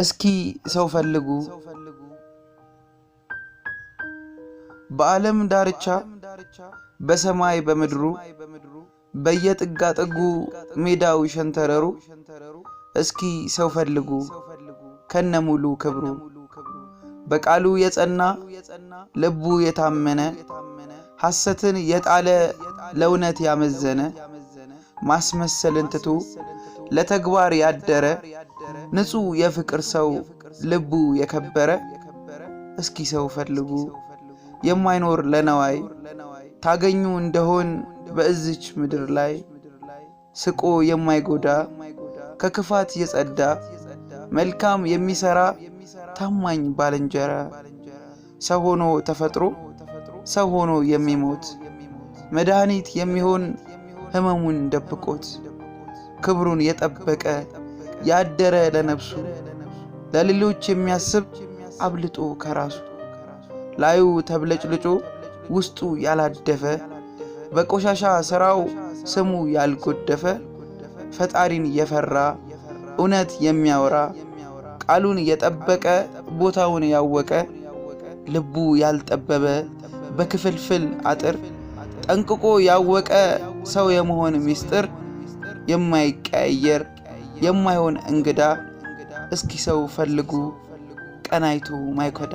እስኪ ሰው ፈልጉ። በዓለም ዳርቻ በሰማይ በምድሩ በየጥጋ ጥጉ ሜዳው ሸንተረሩ እስኪ ሰው ፈልጉ ከነሙሉ ክብሩ በቃሉ የጸና ልቡ የታመነ ሐሰትን የጣለ ለእውነት ያመዘነ ማስመሰልን ትቶ ለተግባር ያደረ ንጹሕ የፍቅር ሰው ልቡ የከበረ እስኪ ሰው ፈልጉ የማይኖር ለነዋይ ታገኙ እንደሆን በእዝች ምድር ላይ ስቆ የማይጎዳ ከክፋት የጸዳ መልካም የሚሰራ ታማኝ ባልንጀራ ሰው ሆኖ ተፈጥሮ ሰው ሆኖ የሚሞት መድኃኒት የሚሆን ሕመሙን ደብቆት ክብሩን የጠበቀ ያደረ ለነፍሱ ለሌሎች የሚያስብ አብልጦ ከራሱ ላዩ ተብለጭልጮ ውስጡ ያላደፈ በቆሻሻ ሥራው ስሙ ያልጎደፈ ፈጣሪን የፈራ እውነት የሚያወራ ቃሉን የጠበቀ ቦታውን ያወቀ ልቡ ያልጠበበ በክፍልፍል አጥር ጠንቅቆ ያወቀ ሰው የመሆን ምስጢር የማይቀያየር የማይሆን እንግዳ እስኪ ሰው ፈልጉ ቀናይቱ ማይኮዳ